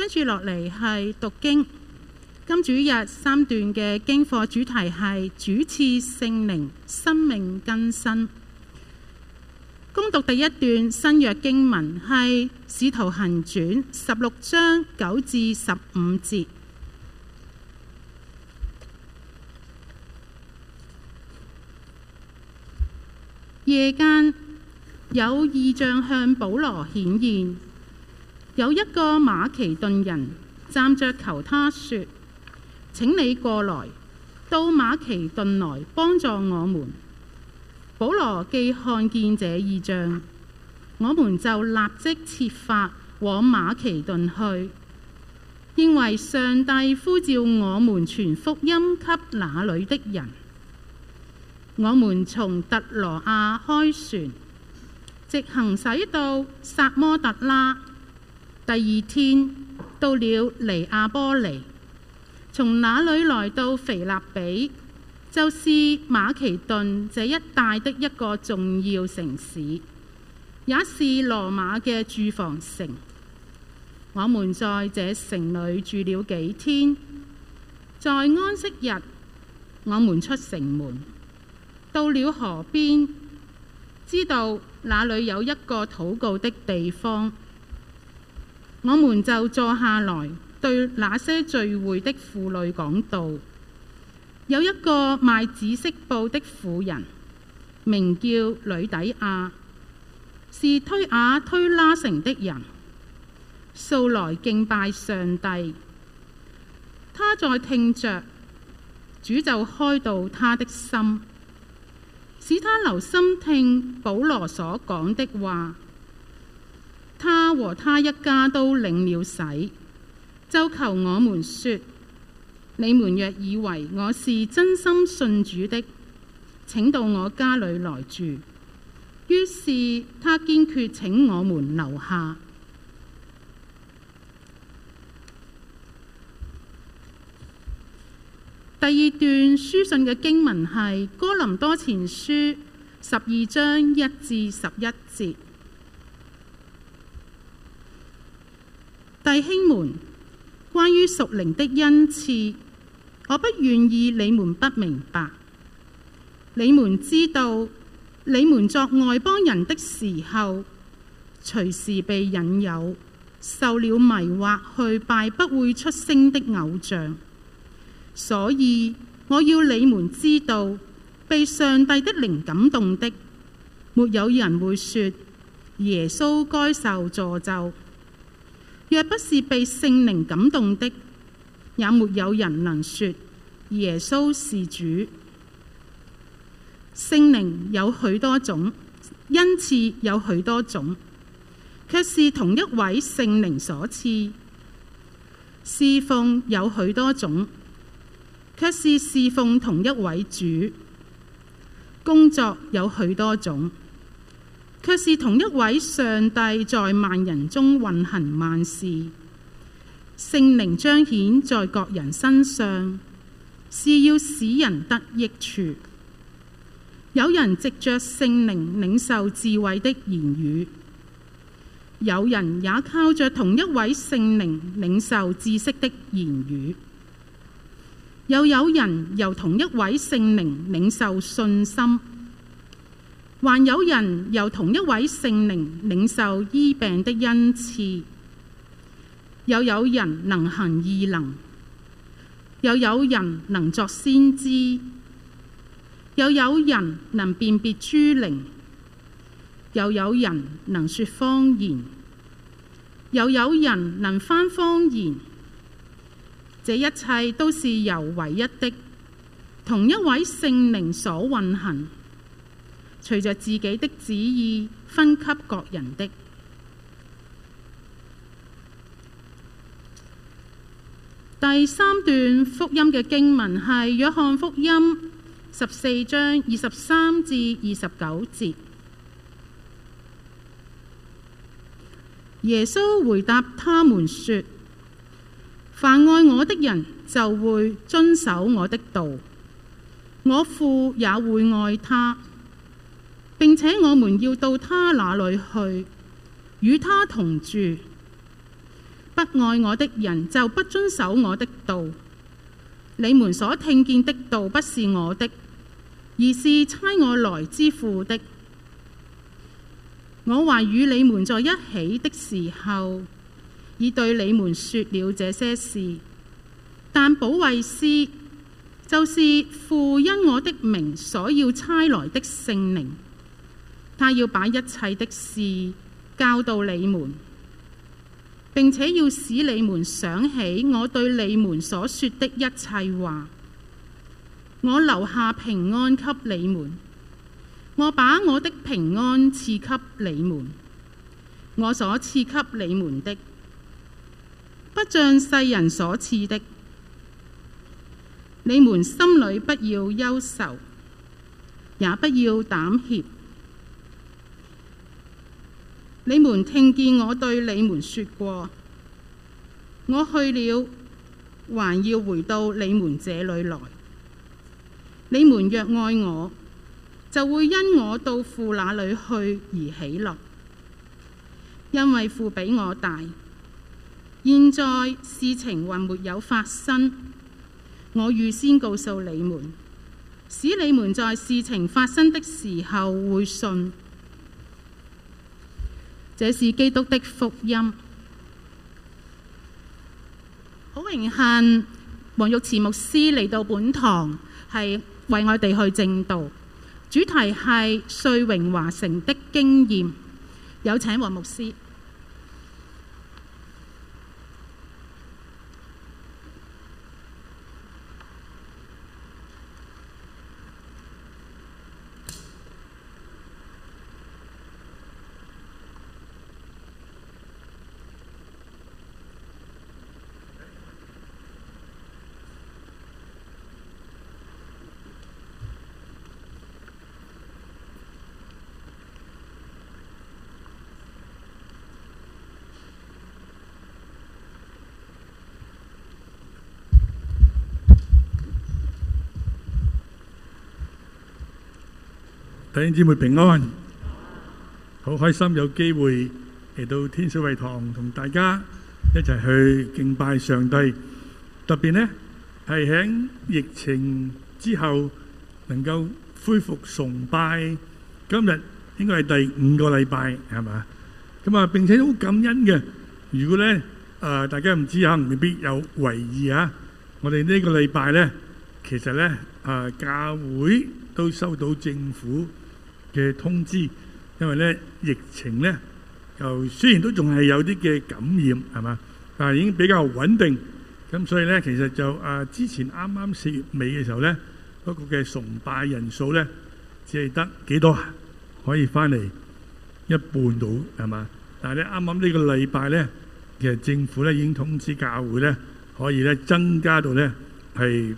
跟住落嚟係讀經，今主日三段嘅經課主題係主賜聖靈，生命更新。恭讀第一段新約經文係《使徒行傳》十六章九至十五節。夜間有異象向保羅顯現。有一個馬其頓人站着求他說：“請你過來到馬其頓來幫助我們。”保羅既看見這異象，我們就立即設法往馬其頓去，因為上帝呼召我們傳福音給那裏的人。我們從特羅亞開船，直行駛到撒摩特拉。第二天到了尼亞波利，從那裏來到腓立比，就是馬其頓這一帶的一個重要城市，也是羅馬嘅住房城。我們在這城裏住了幾天，在安息日，我們出城門，到了河邊，知道那裏有一個禱告的地方。我們就坐下來，對那些聚會的婦女講道。有一個賣紫色布的婦人，名叫呂底亞，是推雅、啊、推拉城的人，素來敬拜上帝。她在聽着，主就開導她的心，使她留心聽保羅所講的話。他和他一家都領了洗，就求我們說：你們若以為我是真心信主的，請到我家裏來住。於是他堅決請我們留下。第二段書信嘅經文係《哥林多前書》十二章一至十一節。弟兄們，關於屬靈的恩賜，我不願意你們不明白。你們知道，你們作外邦人的時候，隨時被引誘，受了迷惑，去拜不會出聲的偶像。所以我要你們知道，被上帝的靈感動的，沒有人會說耶穌該受咒詛。若不是被聖靈感動的，也沒有人能說耶穌是主。聖靈有許多種，恩賜有許多種，卻是同一位聖靈所賜。侍奉有許多種，卻是侍奉同一位主。工作有許多種，卻是同一位上帝在萬人中運行萬事，聖靈彰顯在各人身上，是要使人得益處。有人藉着聖靈領受智慧的言語，有人也靠着同一位聖靈領受知識的言語，又有，有人由同一位聖靈領受信心。還有人由同一位聖靈領受醫病的恩賜，又有，有人能行異能，又有，有人能作先知，又有，有人能辨別諸靈，又有，有人能說方言，又有，有人能翻方言。這一切都是由唯一的同一位聖靈所運行。隨着自己的旨意，分給各人的。第三段福音嘅經文係《約翰福音》十四章二十三至二十九節。耶穌回答他們說：凡愛我的人，就會遵守我的道，我父也會愛他。並且我們要到他那裏去，與他同住。不愛我的人就不遵守我的道。你們所聽見的道不是我的，而是差我來之父的。我還與你們在一起的時候，已對你們說了這些事。但保惠師就是父因我的名所要差來的聖靈。他要把一切的事教導你們，並且要使你們想起我對你們所說的一切話。我留下平安給你們，我把我的平安賜給你們。我所賜給你們的，不像世人所賜的。你們心裏不要憂愁，也不要膽怯。你們聽見我對你們說過，我去了，還要回到你們這裏來。你們若愛我，就會因我到父那裏去而喜樂，因為父比我大。現在事情還沒有發生，我預先告訴你們，使你們在事情發生的時候會信。這是基督的福音，好榮幸王玉慈牧師嚟到本堂係為我哋去正道，主題係瑞榮華城的經驗，有請王牧師。弟兄姐妹平安，好開心有機會嚟到天水圍堂同大家一齊去敬拜上帝。特別呢係喺疫情之後能夠恢復崇拜，今日應該係第五個禮拜係嘛？咁啊，並且都好感恩嘅。如果咧誒、呃，大家唔知可能未必有為意啊！我哋呢個禮拜呢，其實呢，誒、呃，教會都收到政府。嘅通知，因為咧疫情咧就雖然都仲係有啲嘅感染係嘛，但係已經比較穩定。咁所以咧，其實就啊，之前啱啱四月尾嘅時候咧，嗰個嘅崇拜人數咧只係得幾多可以返嚟一半到係嘛？但係咧啱啱呢個禮拜咧，其實政府咧已經通知教會咧可以咧增加到咧係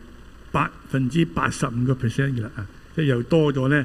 百分之八十五個 percent 嘅啦啊，即係又多咗咧。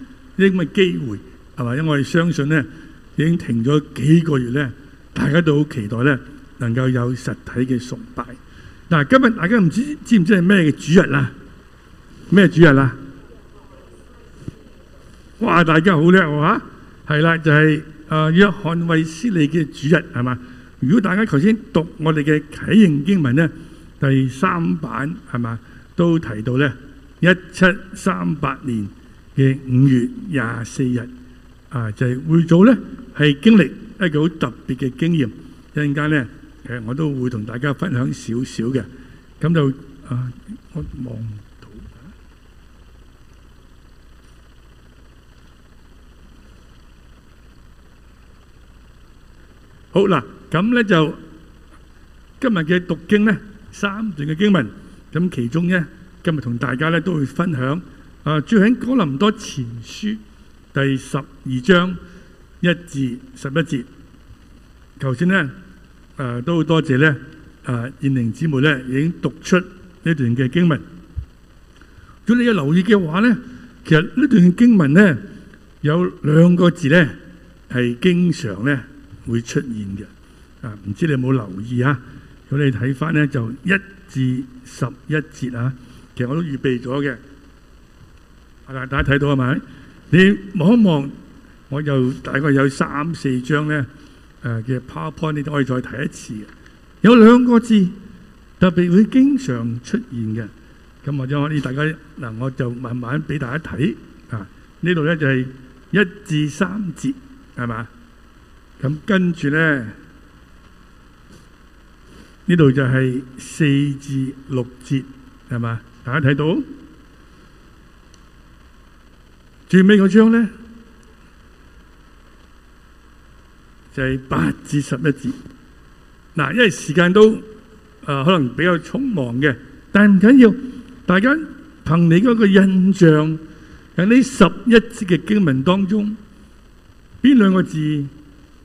呢啲咁嘅機會係嘛？因為我相信咧，已經停咗幾個月咧，大家都好期待咧，能夠有實體嘅崇拜。嗱、啊，今日大家唔知知唔知係咩嘅主日啊？咩主日啊？哇！大家好叻啊！係啦，就係、是、啊、呃、約翰衛斯理嘅主日係嘛？如果大家頭先讀我哋嘅啟應經文咧，第三版係嘛都提到咧，一七三八年。五月廿四日，啊，就係會組咧，係經歷一個好特別嘅經驗。一陣間咧，其實我都會同大家分享少少嘅。咁就啊，我望唔到。好啦，咁咧就今日嘅讀經咧，三段嘅經文。咁其中咧，今日同大家咧都會分享。啊！最喺哥林多前書第十二章一至十一節，頭先咧，誒、呃、都好多謝咧，誒、呃，燕寧姊妹咧已經讀出呢段嘅經文。如果你有留意嘅話咧，其實呢段經文咧有兩個字咧係經常咧會出現嘅。啊，唔知你有冇留意啊？如果你睇翻咧，就一至十一節啊，其實我都預備咗嘅。嗱，大家睇到係咪？你望一望，我又大概有三四張咧。誒，嘅、呃、PowerPoint 你都可以再睇一次。有兩個字特別會經常出現嘅，咁或者可以大家嗱、呃，我就慢慢俾大家睇。啊，呢度咧就係一至三節，係嘛？咁跟住咧，呢度就係四至六節，係嘛？大家睇到。.最尾嗰張咧，就係、是、八至十一字。嗱，因為時間都誒、呃、可能比較匆忙嘅，但唔緊要。大家憑你嗰個印象，喺呢十一字嘅經文當中，邊兩個字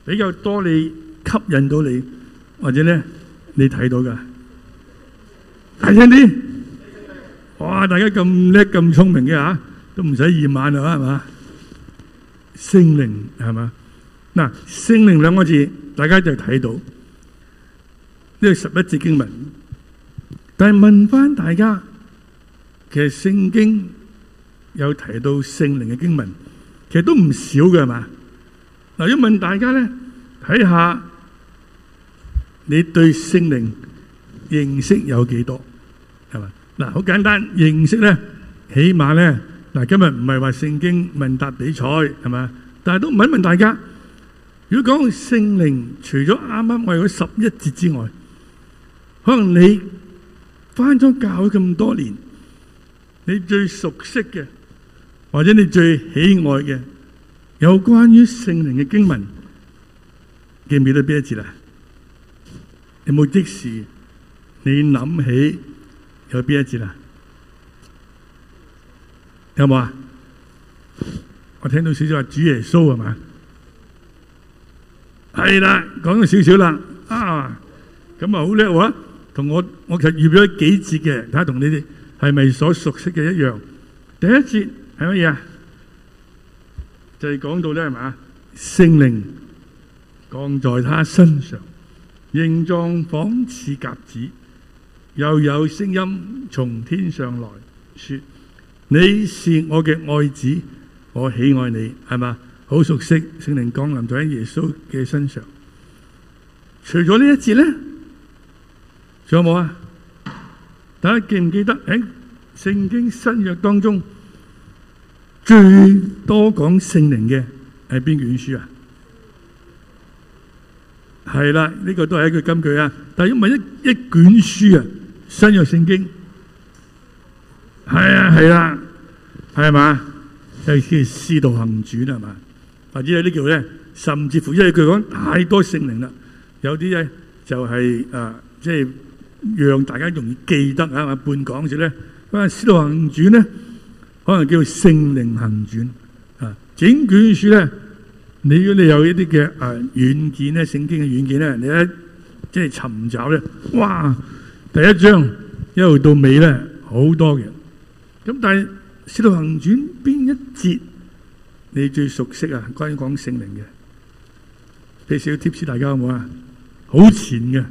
比較多你？你吸引到你，或者咧你睇到噶？大聲啲！哇，大家咁叻咁聰明嘅吓！都唔使夜晚啦，係嘛？聖靈係嘛？嗱，聖靈兩個字，大家就睇到呢個十一節經文。但係問翻大家，其實聖經有提到聖靈嘅經文，其實都唔少嘅，係嘛？嗱，要問大家咧，睇下你對聖靈認識有幾多，係嘛？嗱，好簡單，認識咧，起碼咧。嗱，今日唔係話聖經問答比賽係嘛？但係都問一問大家，如果講到聖靈，除咗啱啱我咗十一節之外，可能你翻咗教會咁多年，你最熟悉嘅，或者你最喜愛嘅，有關於聖靈嘅經文，記唔記得邊一節啦？有冇即時你諗起有邊一節啦？有冇啊？我聽到少少話主耶穌係嘛？係啦，講咗少少啦，啊，咁啊好叻喎！同我我其實預咗幾節嘅，睇下同你哋係咪所熟悉嘅一樣。第一節係乜嘢啊？就係講到咧係嘛，聖靈降在他身上，形狀仿似鴿子，又有聲音從天上來說。你是我嘅愛子，我喜愛你，係嘛？好熟悉聖靈降臨在耶穌嘅身上。除咗呢一節呢，仲有冇啊？大家記唔記得？誒、哎，聖經新約當中最多講聖靈嘅係邊卷書啊？係啦，呢、這個都係一句金句啊！但係因為一卷書啊，新約聖經。係啊，係啦、啊，係嘛，即係使徒行傳啦，係嘛。或者呢叫咧，甚至乎，因為佢講太多聖靈啦，有啲咧就係、是、誒、即、呃、係讓大家容易記得啊嘛。半講住咧，嗰個使徒行傳咧，可能叫做聖靈行傳啊。整卷書咧，如果你有一啲嘅誒軟件咧，聖經嘅軟件咧，你一即係尋找咧，哇！第一章一路到尾咧，好多嘅。咁但係《使徒行傳》邊一節你最熟悉啊？關於講聖靈嘅，俾少少 tips 大家好唔好啊？好淺嘅，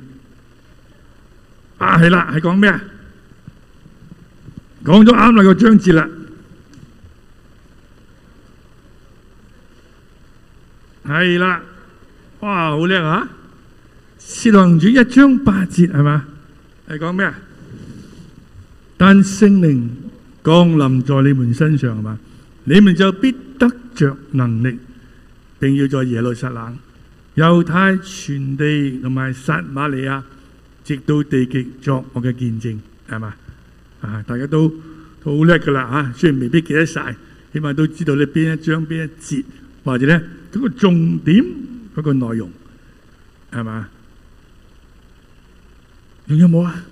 啊係啦，係講咩啊？講咗啱啦個章節啦，係啦，哇好叻啊！《使徒行傳》一章八節係嘛？係講咩啊？但聖靈。降臨在你們身上係嘛，你們就必得着能力，並要在耶路撒冷、猶太全地同埋撒瑪利亞，直到地極作我嘅見證，係嘛？啊，大家都都好叻噶啦吓，雖然未必記得晒，起碼都知道你邊一章邊一節，或者咧嗰個重點嗰個內容係嘛？仲有冇啊？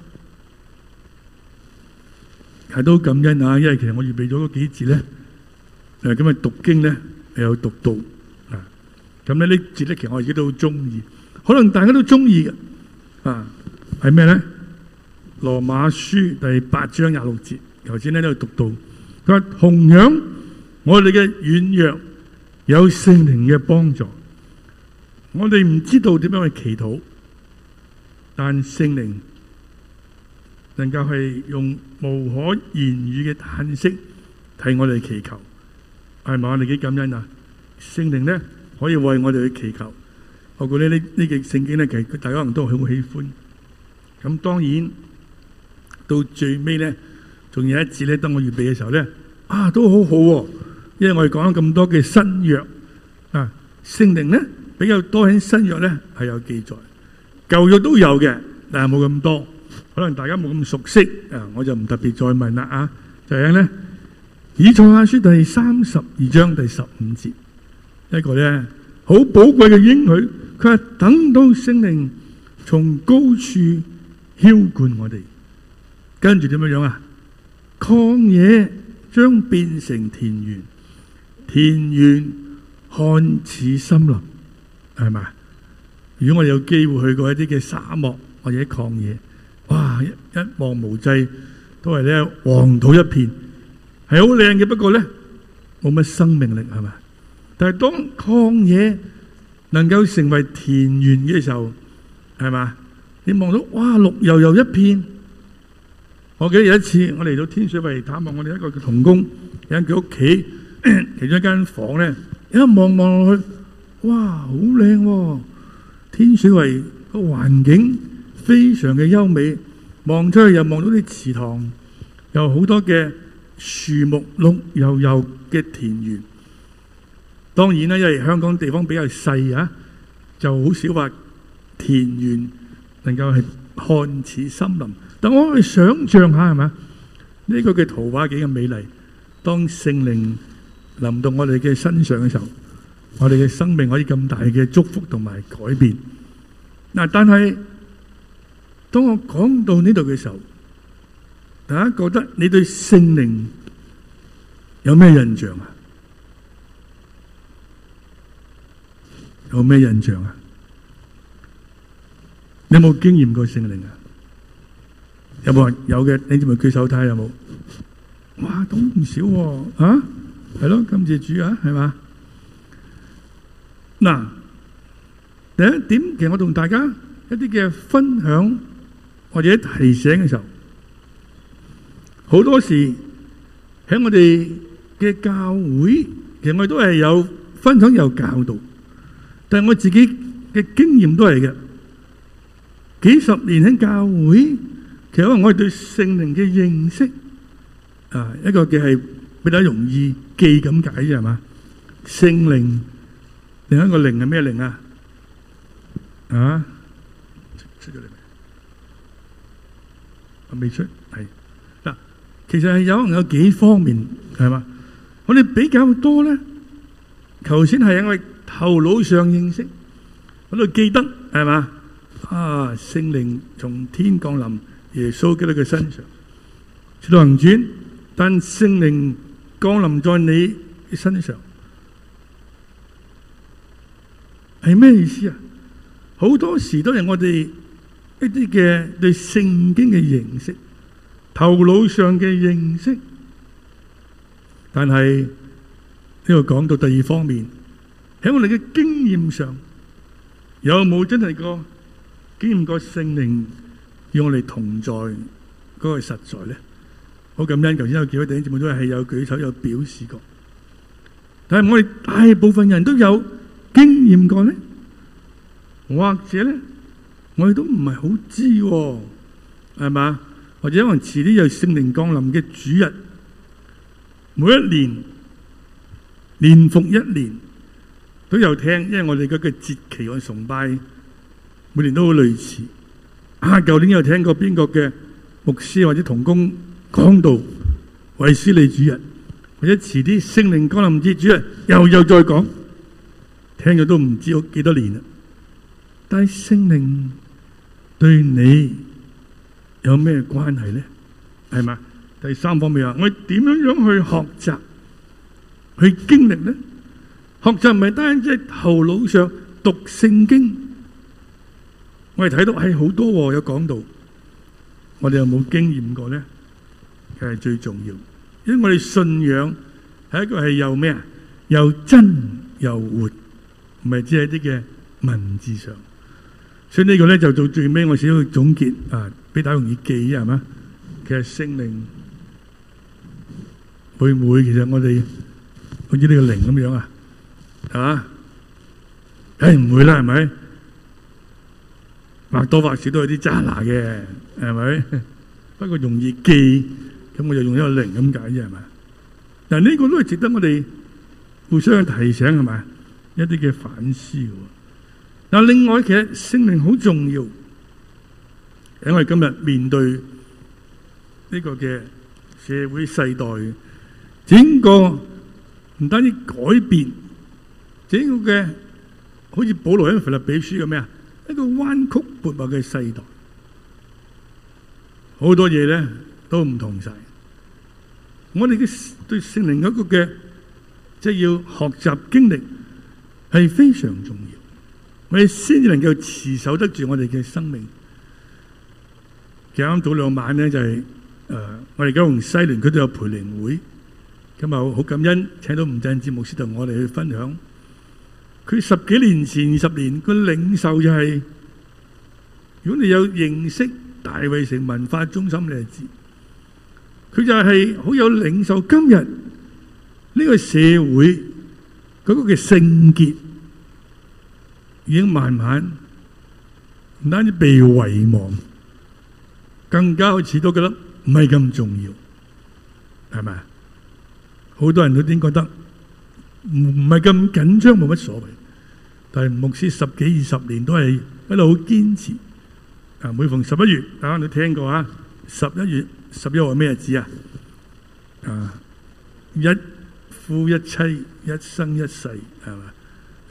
係都感恩啊！因為其實我預備咗嗰幾節咧，誒，咁啊讀經咧，又有讀到啊。咁咧呢節咧，其實我而家都好中意，可能大家都中意嘅啊。係咩咧？羅馬書第八章廿六節，頭先咧都讀到。佢話，況且，我哋嘅軟弱有聖靈嘅幫助。我哋唔知道點樣去祈禱，但聖靈。能夠係用無可言語嘅嘆息替我哋祈求，係咪啊？你幾感恩啊？聖靈咧可以為我哋去祈求。我估呢呢呢句聖經咧，其實大家可能都好喜歡。咁當然到最尾咧，仲有一節咧，等我預備嘅時候咧，啊都好好，啊，因為我哋講咗咁多嘅新約啊，聖靈咧比較多喺新約咧係有記載，舊約都有嘅，但係冇咁多。可能大家冇咁熟悉啊，我就唔特別再問啦。啊，就喺、是、咧以賽亞書第三十二章第十五節，一個咧好寶貴嘅應許，佢係等到聖靈從高處澆灌我哋，跟住點樣樣啊？曠野將變成田園，田園看似森林，係咪？如果我哋有機會去過一啲嘅沙漠或者曠野。哇！一望無際，都係咧黃土一片，係好靚嘅。不過咧，冇乜生命力係嘛？但係當曠野能夠成為田園嘅時候，係嘛？你望到哇，綠油油一片。我記得有一次我嚟到天水圍探望我哋一個嘅童工，喺佢屋企其中一間房咧，一望望落去，哇，好靚喎，天水圍個環境。非常嘅優美，望出去又望到啲池塘，有好多嘅樹木、綠油油嘅田園。當然啦，因為香港地方比較細啊，就好少話田園能夠係看似森林。但我可以想象下，係咪呢個嘅圖畫幾咁美麗？當聖靈臨到我哋嘅身上嘅時候，我哋嘅生命可以咁大嘅祝福同埋改變。嗱，但係。當我講到呢度嘅時候，大家覺得你對聖靈有咩印象啊？有咩印象啊？有冇經驗過聖靈啊？有冇人有嘅？你哋咪舉手睇下有冇？哇，都唔少啊！係咯，今次主啊，係嘛？嗱，第一點，其實我同大家一啲嘅分享。或者提醒嘅時候，好多時喺我哋嘅教會，其實我哋都係有分享有教導，但係我自己嘅經驗都係嘅，幾十年喺教會，其實我哋對聖靈嘅認識，啊一個嘅係比較容易記咁解啫係嘛？聖靈另一個靈係咩靈啊？啊？未出係嗱，其實係有可能有幾方面係嘛，我哋比較多咧。頭先係因為頭腦上認識，我哋記得係嘛啊，聖靈從天降臨，耶穌基督喺佢嘅身上轉行轉，但聖靈降臨在你嘅身上係咩意思啊？好多時都係我哋。一啲嘅對聖經嘅認識，頭腦上嘅認識，但係呢個講到第二方面，喺我哋嘅經驗上，有冇真係個經驗過聖靈與我哋同在嗰個實在咧？好感恩，頭先有幾位弟兄姊妹都係有舉手有表示過，但係我哋大部分人都有經驗過咧，或者咧？我哋都唔係好知、哦，係嘛？或者因為遲啲又聖靈降臨嘅主日，每一年年復一年都有聽，因為我哋嘅嘅節期嘅崇拜，每年都好類似。啊，舊年有聽過邊個嘅牧師或者同工講道：「衞斯理主日」，或者遲啲聖靈降臨嘅主日，又又再講，聽咗都唔知幾多年啦。但係聖靈，對你有咩關係咧？係嘛？第三方面啊，我哋點樣樣去學習去經歷咧？學習唔係單止頭腦上讀聖經，我哋睇到係好多、哦、有講到，我哋有冇經驗過咧？佢係最重要，因為我哋信仰係一個係又咩啊？又真又活，唔係只係啲嘅文字上。所以呢個咧就到最尾，我先去總結啊，比較容易記，係嘛？其實聖靈會唔會其實我哋好似呢個零咁樣啊，係嘛？誒，唔會啦，係咪？或多或少都有啲渣拿嘅，係咪？不過容易記，咁我就用一個零咁解啫，係嘛？但係呢個都係值得我哋互相提醒，係咪？一啲嘅反思。嗱，另外其實聖靈好重要，因為今日面對呢個嘅社會世代，整個唔單止改變，整個嘅好似保羅喺腓立比書嘅咩啊，一個彎曲悖謬嘅世代，好多嘢咧都唔同晒。我哋嘅對聖靈一個嘅，即係要學習經歷，係非常重要。我哋先至能夠持守得住我哋嘅生命。其實啱早兩晚咧就係誒，我哋九龍西聯區佢都有培靈會。今日好感恩，請到吳振志牧師同我哋去分享。佢十幾年前，二十年，個領袖就係如果你有認識大衛城文化中心，你知佢就係好有領袖。今日呢個社會嗰個嘅聖潔，已經慢慢唔單止被遺忘，更加開始都覺得唔係咁重要，係咪啊？好多人都點覺得唔唔係咁緊張，冇乜所謂。但係牧師十幾二十年都係一路好堅持。啊，每逢十一月，大家都聽過啊？十一月十一號係咩日子啊？啊，一夫一妻，一生一世，係嘛？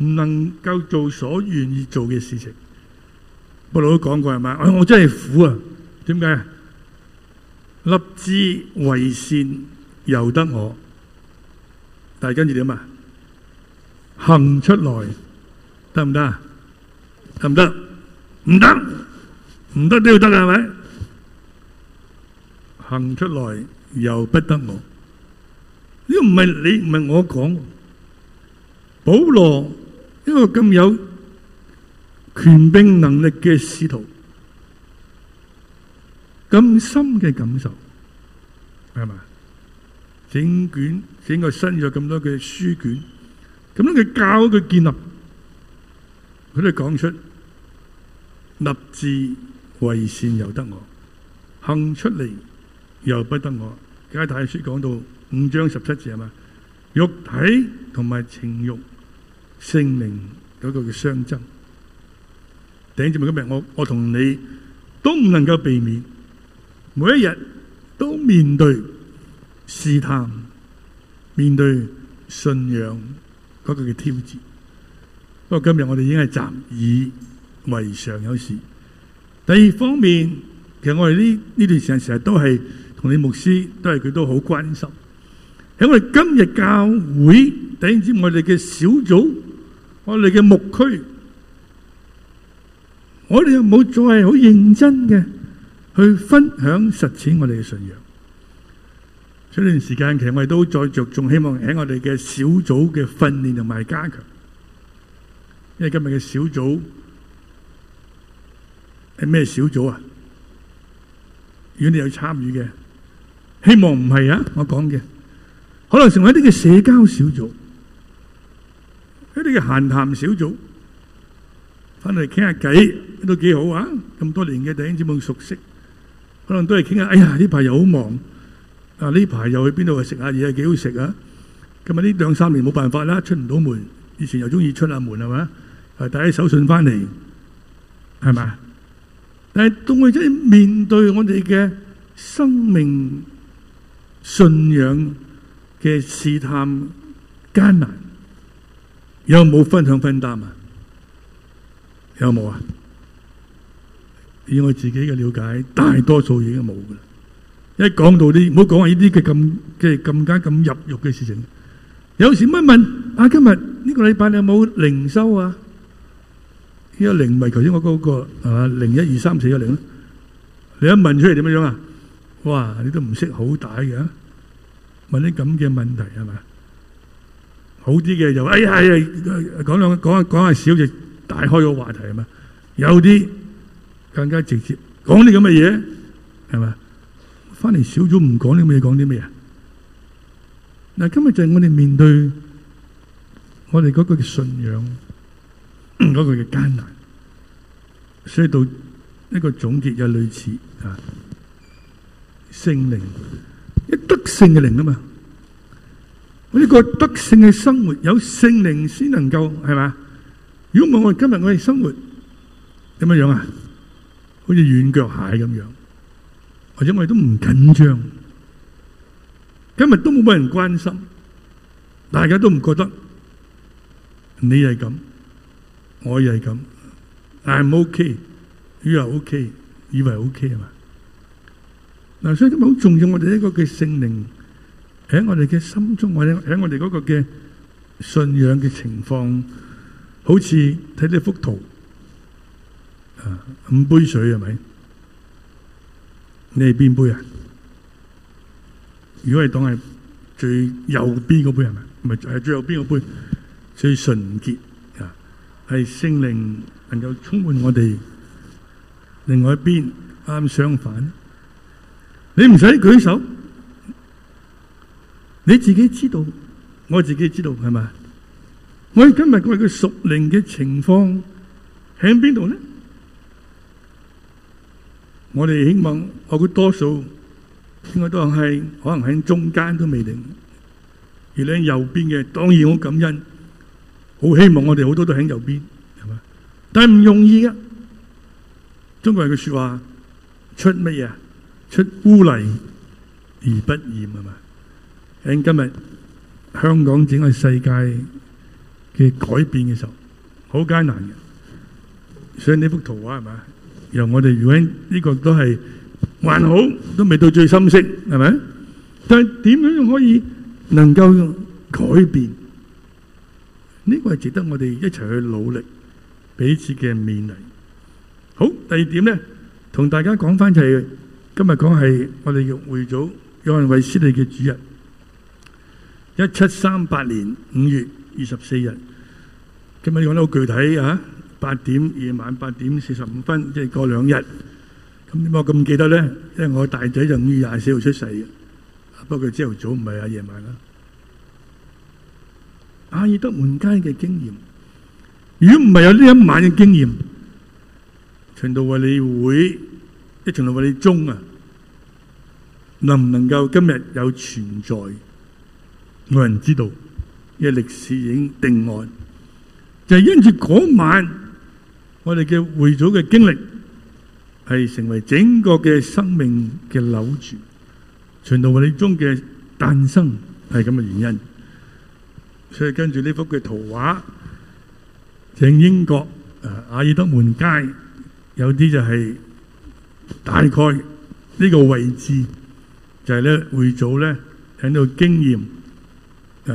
唔能夠做所願意做嘅事情，我老都講過係咪？哎？我真係苦啊！點解？立志為善，由得我，但係跟住點啊？行出來得唔得？得唔得？唔得，唔得都要得係咪？行出來由不得我，呢個唔係你，唔係我講，保羅。一個咁有權柄能力嘅使徒，咁深嘅感受係嘛？整卷整個新約咁多嘅書卷，咁樣佢教佢建立，佢哋講出立志為善由得我，行出嚟由不得我。加拉太書講到五章十七節係嘛？肉體同埋情欲。聖靈嗰個嘅相爭，頂住今日我我同你都唔能夠避免，每一日都面對試探，面對信仰嗰個嘅挑戰。不過今日我哋已經係習以為常有事。第二方面，其實我哋呢呢段時間成日都係同你牧師都係佢都好關心，喺我哋今日教會頂住我哋嘅小組。我哋嘅牧區，我哋又冇再係好認真嘅去分享實踐我哋嘅信仰。所以呢段時間，其實我哋都再着重，希望喺我哋嘅小組嘅訓練同埋加強。因為今日嘅小組係咩小組啊？如果你有參與嘅，希望唔係啊！我講嘅，可能成為一啲嘅社交小組。呢啲閒談小組，翻嚟傾下偈都幾好啊！咁多年嘅弟兄姊妹熟悉，可能都係傾下。哎呀，呢排又好忙，啊呢排又去邊度食下嘢，幾好食啊！咁啊，呢兩三年冇辦法啦，出唔到門。以前又中意出下門係嘛，係帶啲手信翻嚟，係咪。但係當我哋面對我哋嘅生命信仰嘅試探艱難。有冇分享分擔啊？有冇啊？以我自己嘅了解，大多數已經冇噶啦。一講到啲唔好講話呢啲嘅咁即係咁加咁入肉嘅事情，有時乜問阿今日呢個禮拜你有冇零收啊？依個零咪頭先我嗰個係嘛？零一二三四一零啦，你一問出嚟點樣樣啊？哇！你都唔識好大嘅，問啲咁嘅問題係嘛？好啲嘅就話，哎呀，講兩講講下少就大開個話題啊嘛。有啲更加直接，講啲咁嘅嘢係嘛。翻嚟小組唔講啲咩，講啲咩啊？嗱，今日就係我哋面對我哋嗰句嘅信仰嗰句嘅艱難，所以到一個總結就類似啊，聖靈，一得勝嘅靈啊嘛。我覺得德性嘅生活，有聖靈先能夠係嘛？如果唔係我哋今日我哋生活點樣樣啊？好似軟腳蟹咁樣，或者我哋都唔緊張，今日都冇乜人關心，大家都唔覺得，你係咁，我又係咁，I'm OK，you are OK，以為 OK 係嘛？嗱，所以今日好重要，我哋呢個嘅聖靈。喺我哋嘅心中，或者喺我哋嗰個嘅信仰嘅情況，好似睇呢一幅圖，啊，五杯水係咪？你係邊杯啊？如果係當係最右邊嗰杯係咪？唔係係最右邊嗰杯最純潔啊，係聖靈能夠充滿我哋。另外一邊啱相反，你唔使舉手。你自己知道，我自己知道係咪？我哋今日講嘅屬靈嘅情況喺邊度咧？我哋希望我估多數，應該都係可能喺中間都未定，而你喺右邊嘅，當然好感恩，好希望我哋好多都喺右邊，係嘛？但係唔容易噶。中國人嘅說話，出乜嘢？出污泥而不染係嘛？喺今日香港整個世界嘅改變嘅時候，好艱難嘅。所以呢幅圖畫係咪，由我哋如果呢個都係還好，都未到最深色係咪？但係點樣可以能夠改變呢個，係值得我哋一齊去努力，彼此嘅勉勵。好，第二點咧，同大家講翻就係今日講，係我哋嘅會祖約翰衞斯理嘅主日。一七三八年五月二十四日，今日你講得好具體啊！八點夜晚八點四十五分，即係過兩日，咁點解我咁記得咧？因為我大仔就五月廿四號出世嘅，不過佢朝頭早唔係啊，夜晚啦。阿爾德門街嘅經驗，如果唔係有呢一晚嘅經驗，循道衛理會即係循道衛理宗啊，能唔能夠今日有存在？冇人知道，因為歷史已經定案，就係因住嗰晚我哋嘅會組嘅經歷，係成為整個嘅生命嘅扭轉，傳道衛理中嘅誕生係咁嘅原因。所以跟住呢幅嘅圖畫，正英國誒，亞爾德門街有啲就係大概呢個位置，就係咧會組咧喺度經驗。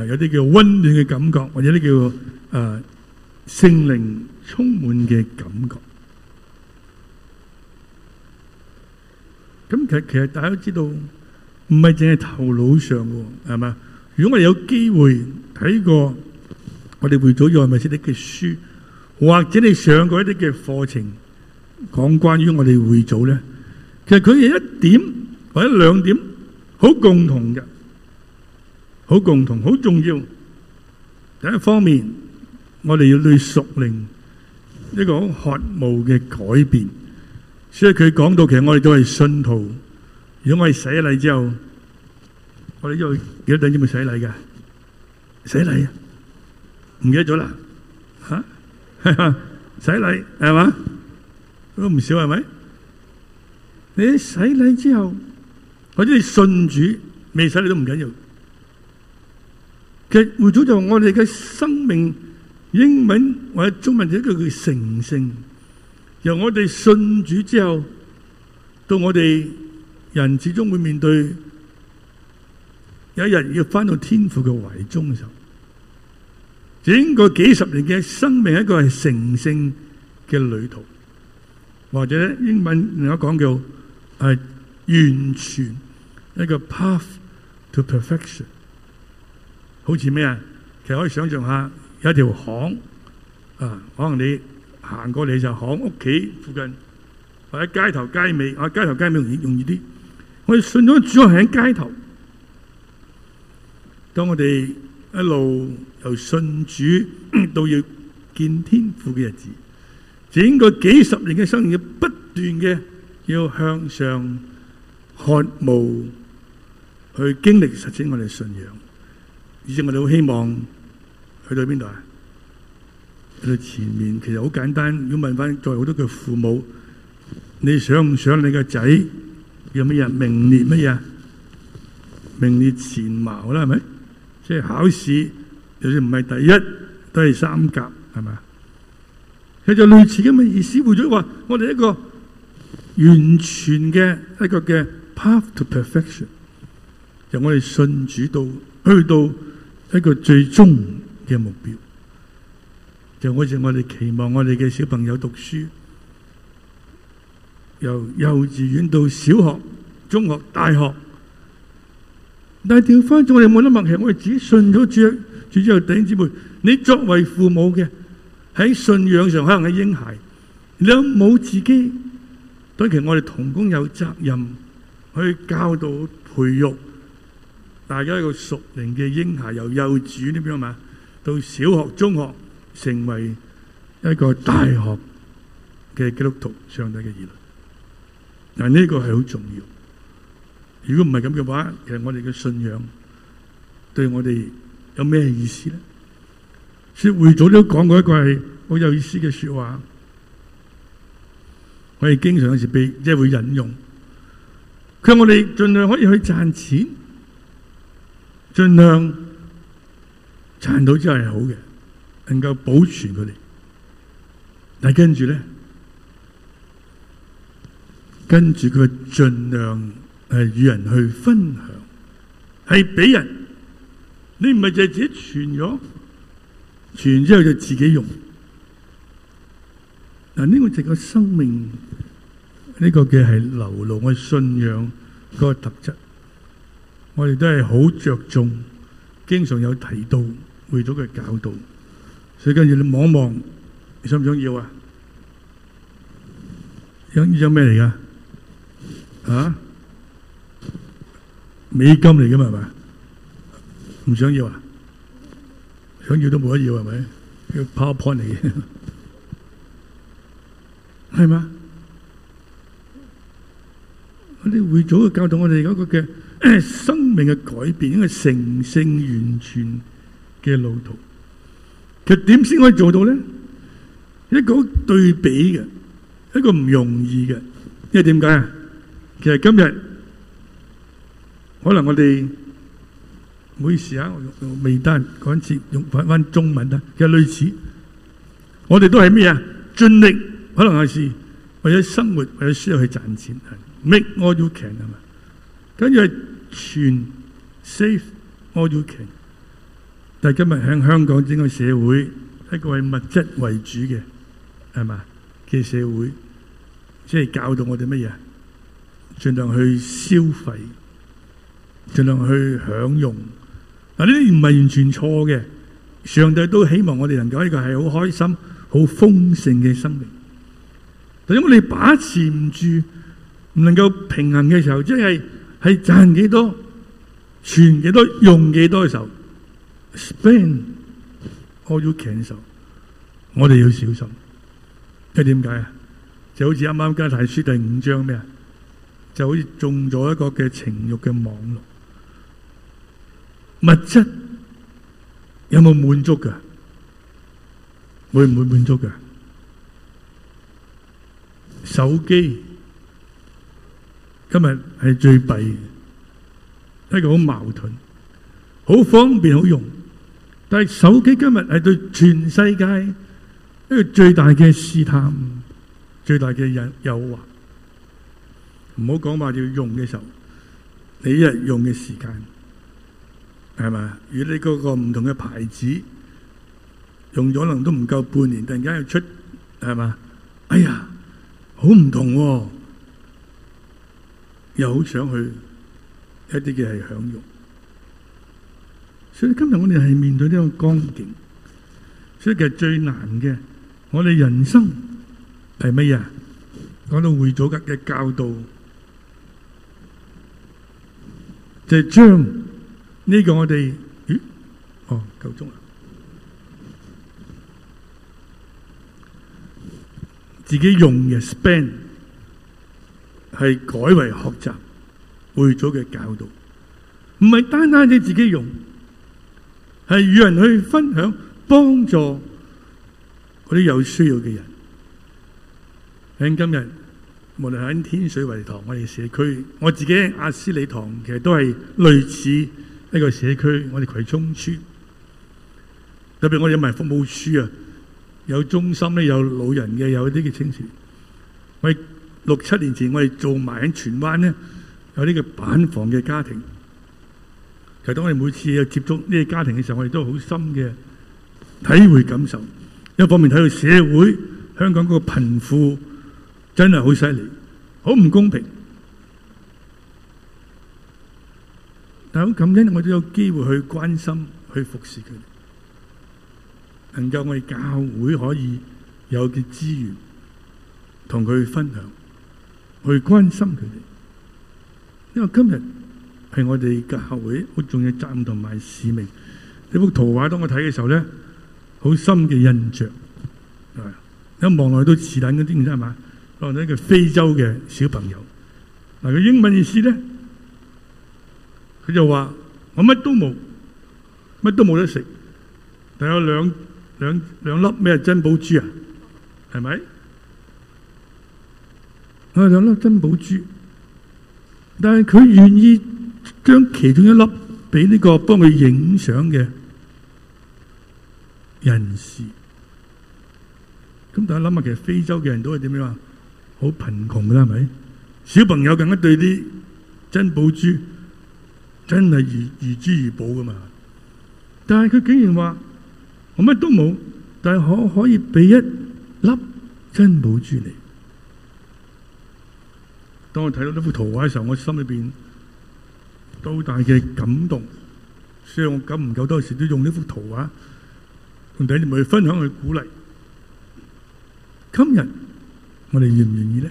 有啲叫溫暖嘅感覺，或者啲叫誒聖靈充滿嘅感覺。咁其實其實大家都知道，唔係淨係頭腦上嘅係嘛？如果我哋有機會睇過我哋會組用係咪寫啲嘅書，或者你上過一啲嘅課程，講關於我哋會組咧，其實佢係一點或者兩點好共同嘅。好共同，好重要。第一方面，我哋要對屬靈一個好渴慕嘅改變。所以佢講到，其實我哋都係信徒。如果我哋洗禮之後，我哋仲有幾多弟兄未洗禮嘅？洗禮啊，唔記得咗啦。吓，係啊，洗禮係嘛？都唔少係咪？你洗禮之後，或者你信主未洗禮都唔緊要。會祖就我哋嘅生命，英文或者中文有一個叫成聖。由我哋信主之後，到我哋人始終會面對，有一日要翻到天父嘅懷中嘅時候，整個幾十年嘅生命，一個係成聖嘅旅途，或者英文有講叫係完全一個 path to perfection。好似咩啊？其實可以想象下，有一條巷，啊，可能你行過嚟就巷屋企附近，或者街頭街尾，啊，街頭街尾容易容易啲。我哋信咗主要喺街頭。當我哋一路由信主到要見天父嘅日子，整個幾十年嘅生意不斷嘅要向上渴慕，去經歷實踐我哋嘅信仰。以前我哋好希望去到邊度啊？去到前面，其實好簡單。如果問翻作為好多嘅父母，你想唔想你個仔？有乜嘢？名列乜嘢？名列前茅啦，係咪？即係考試，就算唔係第一，都係三甲，係咪啊？其實類似咁嘅意思，換咗話，我哋一個完全嘅一個嘅 path to perfection，由我哋信主到去到。一個最終嘅目標，就好似我哋期望我哋嘅小朋友讀書，由幼稚園到小學、中學、大學。但係調翻轉我哋冇呢問題，我哋自己信咗主，主之後弟兄姊妹，你作為父母嘅喺信仰上可能係嬰孩，你有冇自己，短期我哋同工有責任去教導培育。大家一個熟齡嘅嬰孩，由幼稚呢邊嘛，到小學、中學，成為一個大學嘅基督徒，上帝嘅兒女。但呢個係好重要。如果唔係咁嘅話，其實我哋嘅信仰對我哋有咩意思咧？說會早都講過一句：「係好有意思嘅說話，我哋經常有時被即係會引用。佢我哋盡量可以去賺錢。盡量賺到真係好嘅，能夠保存佢哋。但係跟住咧，跟住佢盡量係與人去分享，係俾人。你唔係就自己存咗，存完之後就自己用。嗱，呢個就個生命呢個嘅係流露嘅信仰嗰個特質。我哋都係好着重，經常有提到會組嘅教導，所以跟住你望一望，你想唔想要啊？一張一張咩嚟噶？啊？美金嚟噶嘛？係咪？唔想要啊？想要都冇得要係咪？要 PowerPoint 嚟嘅，係嘛？嗰啲會組嘅教導，我哋而家一個嘅。生命嘅改變，一個成聖完全嘅路途，其實點先可以做到咧？一個對比嘅，一個唔容易嘅，因為點解啊？其實今日可能我哋唔好意思啊，我用微單講次，用翻翻中文啊。其實類似，我哋都係咩啊？盡力可能係是為咗生活，為咗需要去賺錢，Make all you can 係嘛，跟住係。全 safe, alluring 但係今日喺香港整個社會，一個係物質為主嘅、係嘛嘅社會，即係教導我哋乜嘢？盡量去消費，盡量去享用。嗱，呢啲唔係完全錯嘅。上帝都希望我哋能夠一個係好開心、好豐盛嘅生命。但係我哋把持唔住，唔能夠平衡嘅時候，即係。係賺幾多，存幾多，用幾多嘅時候，spend all you can，我哋要小心。即係點解啊？就好似啱啱加拉太書第五章咩啊？就好似中咗一個嘅情欲嘅網絡，物質有冇滿足嘅？會唔會滿足嘅？手機。今日係最弊，一個好矛盾，好方便，好用，但係手機今日係對全世界一個最大嘅試探，最大嘅誘惑。唔好講話要用嘅時候，你一日用嘅時間係咪？如果你嗰個唔同嘅牌子用咗，可能都唔夠半年，突然間要出係嘛？哎呀，好唔同喎。又好想去一啲嘅，係享用，所以今日我哋係面對呢個光景，所以其實最難嘅，我哋人生係乜嘢？講到會祖格嘅教導，就係將呢個我哋咦？哦夠鐘啦，自己用嘅 spend。係改為學習會組嘅教導，唔係單單你自己用，係與人去分享，幫助嗰啲有需要嘅人。喺今日，無論喺天水圍堂，我哋社區，我自己亞斯理堂，其實都係類似一個社區，我哋葵涌村，特別我哋有埋服務處啊，有中心咧，有老人嘅，有啲嘅青少，我。六七年前，我哋做埋喺荃灣咧，有呢個板房嘅家庭。就當我哋每次去接觸呢個家庭嘅時候，我哋都好深嘅體會感受。一方面睇到社會香港嗰個貧富真係好犀利，好唔公平。但係好感恩，我都有機會去關心、去服侍佢，能夠我哋教會可以有啲資源同佢分享。去關心佢哋，因為今日係我哋嘅教會好重要嘅責任同埋使命。呢幅圖畫當我睇嘅時候咧，好深嘅印象。一望落去都似緊唔知係嘛？可能一個非洲嘅小朋友。嗱，個英文意思咧，佢就話：我乜都冇，乜都冇得食，但有兩兩兩粒咩珍寶珠啊？係咪？佢有粒珍寶珠，但係佢願意將其中一粒俾呢個幫佢影相嘅人士。咁大家諗下，其實非洲嘅人都係點樣啊？好貧窮噶啦，係咪？小朋友更加對啲珍寶珠，真係如如珠如寶噶嘛。但係佢竟然話「我乜都冇，但係可可以俾一粒珍寶珠嚟？」當我睇到呢幅圖畫嘅時候，我心裏邊都大嘅感動，所以我久唔久都時都用呢幅圖畫同弟兄們去分享去鼓勵。今日我哋願唔願意咧？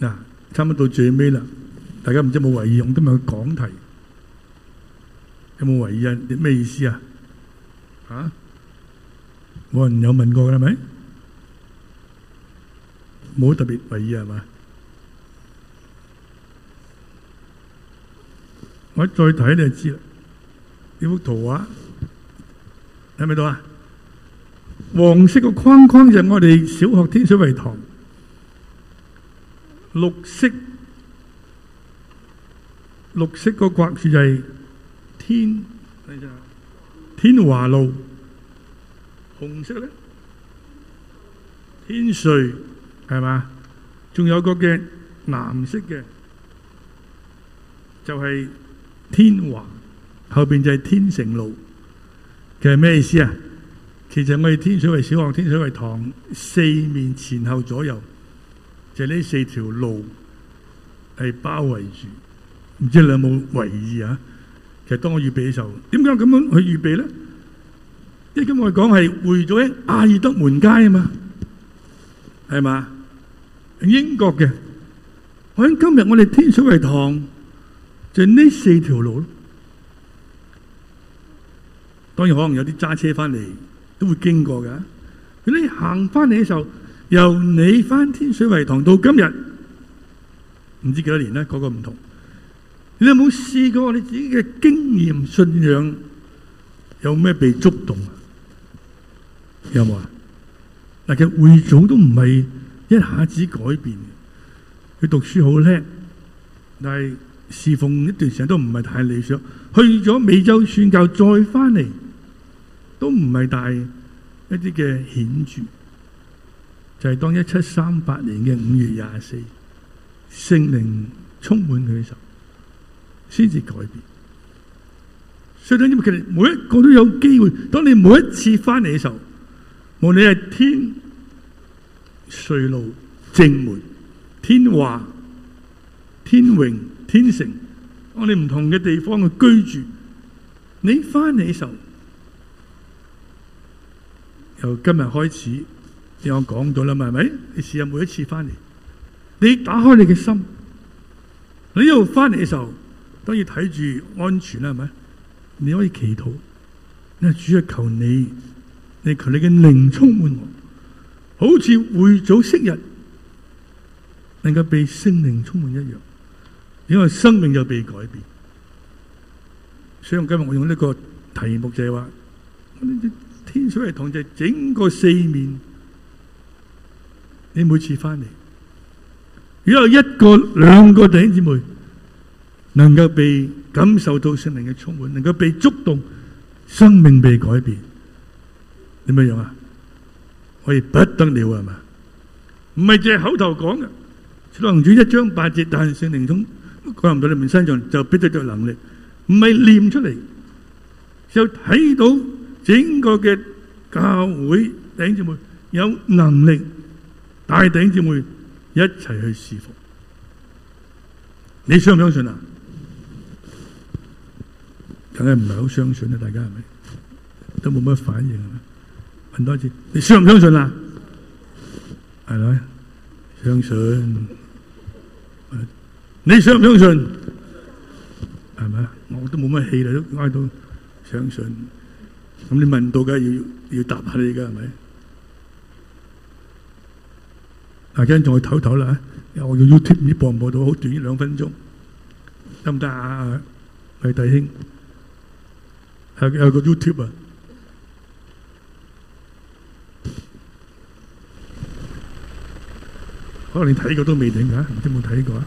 嗱、啊，差唔多到最尾啦，大家唔知有冇為意？我今日講題有冇為意啊？你咩意思啊？啊？冇人有問過㗎，係咪？冇特別為意係嘛？我再睇你就知啦。呢幅圖畫睇唔睇到啊？黃色個框框就係我哋小學天水圍堂，綠色綠色個括樹就係天天華路，紅色咧天瑞係嘛？仲有個嘅藍色嘅就係。天華後邊就係天成路，其實咩意思啊？其實我哋天水圍小學、天水圍堂四面前後左右就呢、是、四條路係包圍住，唔知你有冇為意？啊，其實當我預備嘅時候，點解咁樣去預備咧？即咁我哋講係會祖喺阿爾德門街啊嘛，係嘛？英國嘅。我想今日我哋天水圍堂。就呢四條路，當然可能有啲揸車翻嚟都會經過嘅。佢哋行翻嚟嘅時候，由你翻天水圍堂到今日，唔知幾多年咧，個個唔同。你有冇試過你自己嘅經驗信仰有咩被觸動啊？有冇啊？嗱，其實會祖都唔係一下子改變嘅，佢讀書好叻，但係。侍奉一段時間都唔係太理想，去咗美洲傳教再翻嚟，都唔係大一啲嘅顯著，就係、是、當一七三八年嘅五月廿四，聖靈充滿佢嘅時候，先至改變。所以咧，因佢哋每一個都有機會，當你每一次翻嚟嘅時候，無論係天、瑞路、正門、天華、天榮。天成，我哋唔同嘅地方嘅居住，你翻嚟嘅時候，由今日開始，你我講到啦嘛係咪？你試下每一次翻嚟，你打開你嘅心，你又翻嚟嘅時候，都要睇住安全啦係咪？你可以祈禱，啊主要求你，你求你嘅靈充滿我，好似會早昔日能夠被聖靈充滿一樣。因為生命就被改變，所以今日我用呢個題目就係話：天水圍堂就整個四面，你每次翻嚟，如果一個、兩個弟兄姊妹能夠被感受到聖靈嘅充滿，能夠被觸動，生命被改變，點樣樣啊？可以不得了啊嘛！唔係淨係口頭講嘅，主行主一章八節，但聖靈中。佢唔到你面身上，就俾得着能力，唔係念出嚟，就睇到整個嘅教會頂住妹有能力，帶頂住妹一齊去侍奉。你相唔相信啊？梗係唔係好相信啊，大家係咪都冇乜反應啊？問多一次，你相唔相信啊？係咯，相信。你相唔相信？係咪啊？我都冇乜氣啦，都挨到相信。咁你問到嘅要要答下你噶係咪？啊，跟住我唞唞啦。又用 YouTube 呢部唔播到好短，一兩分鐘。得唔得，黎弟兄，有一個 YouTube 啊。可能你睇過都未定噶，唔知有冇睇過啊？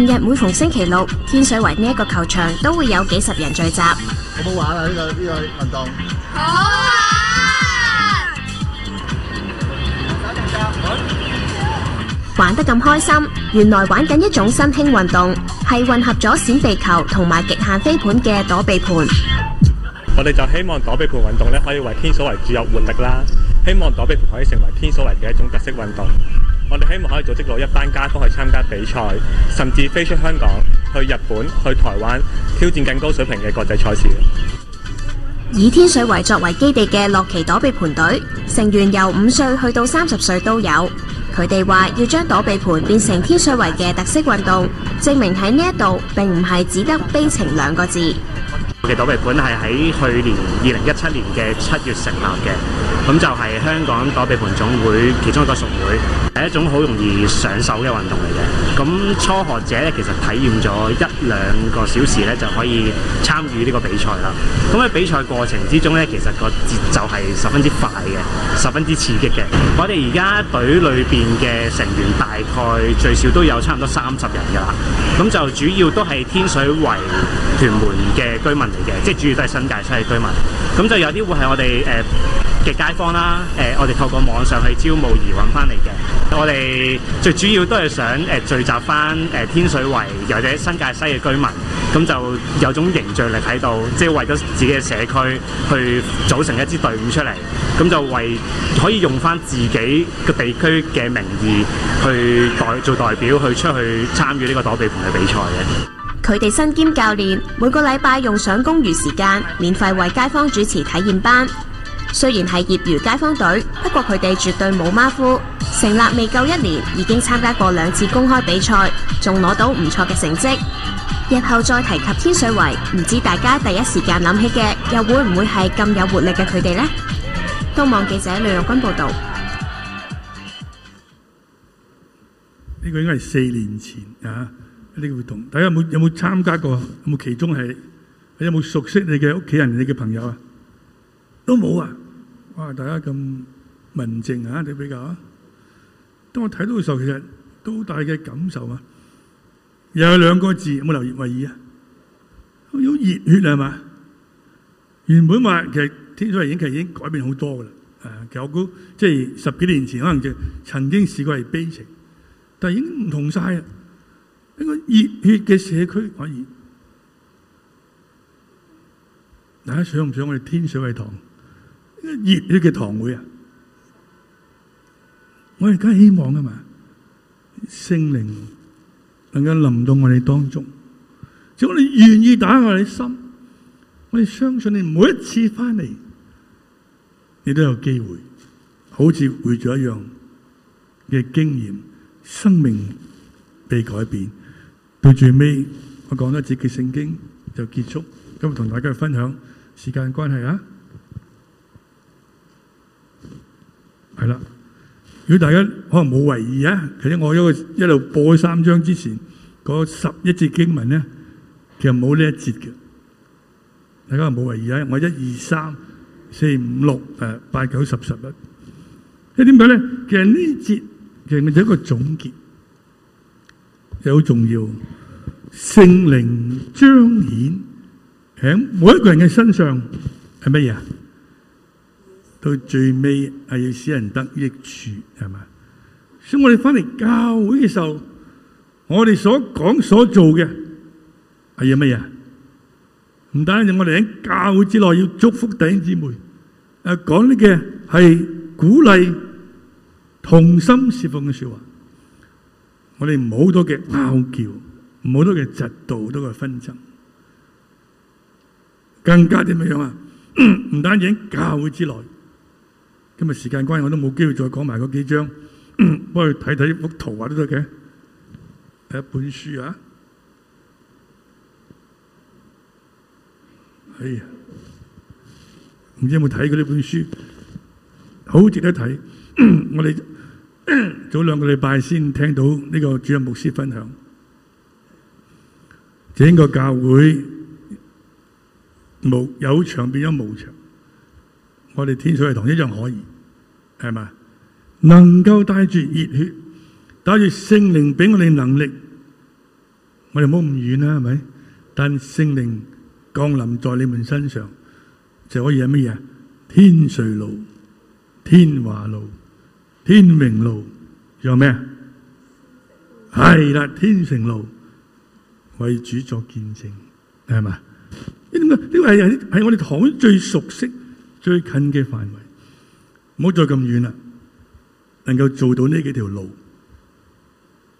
近日每逢星期六，天水圍呢一個球場都會有幾十人聚集。好唔好玩啊？呢個呢個運動好玩！玩得咁開心，原來玩緊一種新興運動，係混合咗閃避球同埋極限飛盤嘅躲避盤。我哋就希望躲避盤運動咧，可以為天水圍注入活力啦。希望躲避盤可以成為天水圍嘅一種特色運動。我哋希望可以組織到一班街坊去參加比賽，甚至飛出香港，去日本、去台灣，挑戰更高水平嘅國際賽事。以天水圍作為基地嘅洛奇躲避盤隊，成員由五歲去到三十歲都有。佢哋話要將躲避盤變成天水圍嘅特色運動，證明喺呢一度，並唔係只得悲情兩個字。我哋躲避盤係喺去年二零一七年嘅七月成立嘅，咁就係香港躲避盤總會其中一個屬會，係一種好容易上手嘅運動嚟嘅。咁初學者咧，其實體驗咗一兩個小時咧，就可以參與呢個比賽啦。咁喺比賽過程之中咧，其實個節奏係十分之快嘅，十分之刺激嘅。我哋而家隊裏邊嘅成員大概最少都有差唔多三十人噶啦，咁就主要都係天水圍、屯門嘅居民。嚟嘅，即係主要都係新界西嘅居民，咁就有啲會係我哋誒嘅街坊啦，誒、呃、我哋透過網上去招募而揾翻嚟嘅。我哋最主要都係想誒聚集翻誒、呃、天水圍或者新界西嘅居民，咁就有種凝聚力喺度，即、就、係、是、為咗自己嘅社區去組成一支隊伍出嚟，咁就為可以用翻自己個地區嘅名義去代做代表去出去參與呢個躲避盤嘅比賽嘅。佢哋身兼教練，每個禮拜用上公餘時間免費為街坊主持體驗班。雖然係業餘街坊隊，不過佢哋絕對冇馬虎。成立未夠一年，已經參加過兩次公開比賽，仲攞到唔錯嘅成績。日後再提及天水圍，唔知大家第一時間諗起嘅又會唔會係咁有活力嘅佢哋呢？東網記者李樂君報道。呢個應該係四年前啊。呢個活動，大家有冇有冇參加過？有冇其中係有冇熟悉你嘅屋企人、你嘅朋友啊？都冇啊！哇，大家咁文靜啊，你比較啊。當我睇到嘅時候，其實都大嘅感受啊。又有兩個字，有冇留熱意啊？好熱血係嘛？原本話其實天水圍影劇已經改變好多噶啦。誒，其實我估即係十幾年前可能就曾經試過係悲情，但係已經唔同晒啊。一個熱血嘅社區可以，大家想唔想我哋天水圍堂？一個熱血嘅堂會啊！我而家希望啊嘛，聖靈能夠臨到我哋當中。只要你願意打開你心，我哋相信你每一次翻嚟，你都有機會，好似活咗一樣嘅經驗，生命被改變。到最尾，我講咗一節嘅聖經就結束。今日同大家分享，時間關係啊，係啦。如果大家可能冇懷疑啊，其實我一個一路播三章之前嗰十一節經文咧，其實冇呢一節嘅。大家可能冇懷疑啊，我一二三四五六誒八九十十一。即係點解咧？其實呢節其實就一個總結。有好重要，聖靈彰顯喺每一個人嘅身上係乜嘢啊？到最尾係要使人得益處，係嘛？所以我哋翻嚟教會嘅時候，我哋所講所做嘅係乜嘢？唔單止我哋喺教會之內要祝福弟兄姊妹，誒，講呢嘅係鼓勵、同心、事奉嘅說話。我哋唔好多嘅拗撬，唔好多嘅嫉妒，多嘅紛爭，更加點樣樣啊？唔單止教會之內，今日時間關係，我都冇機會再講埋嗰幾張，幫你睇睇一幅圖畫都得嘅。一本書啊，哎呀，唔知有冇睇過呢本書，好值得睇，我哋。早兩個禮拜先聽到呢個主任牧師分享，整個教會無有場變咗無場，我哋天水圍同一場可以係咪？能夠帶住熱血，帶住聖靈，俾我哋能力，我哋冇咁遠啦，係咪？但聖靈降臨在你們身上，就可以係乜嘢？天水路、天華路。天明路又咩啊？係啦，天成路為主作見證，係嘛？呢點呢？呢個係係我哋堂最熟悉、最近嘅範圍，唔好再咁遠啦。能夠做到呢幾條路，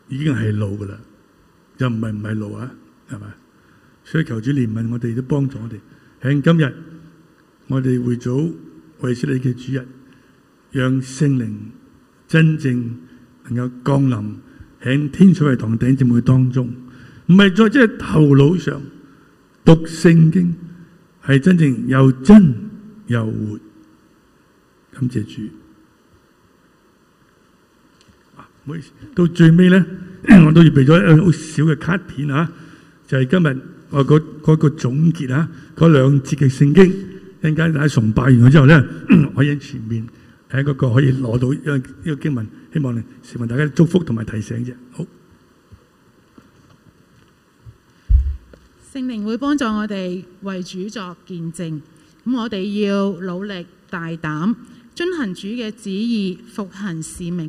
已經係路噶啦，又唔係唔係路啊？係嘛？所以求主憐憫我哋，都幫助我哋喺今日，我哋會組為衞斯理嘅主日，讓聖靈。真正能夠降臨喺天水圍堂頂姊妹當中，唔係在即係頭腦上讀聖經，係真正又真又活。感謝主！啊，唔好意思，到最尾咧，我都預備咗好小嘅卡片啊，就係今日我嗰嗰個總結啊，嗰兩節嘅聖經，一陣間大家崇拜完咗之後咧，我喺前面。係一個個可以攞到呢個經文，希望呢，成為大家祝福同埋提醒啫。好，聖靈會幫助我哋為主作見證，咁我哋要努力大膽，遵行主嘅旨意，服行使命。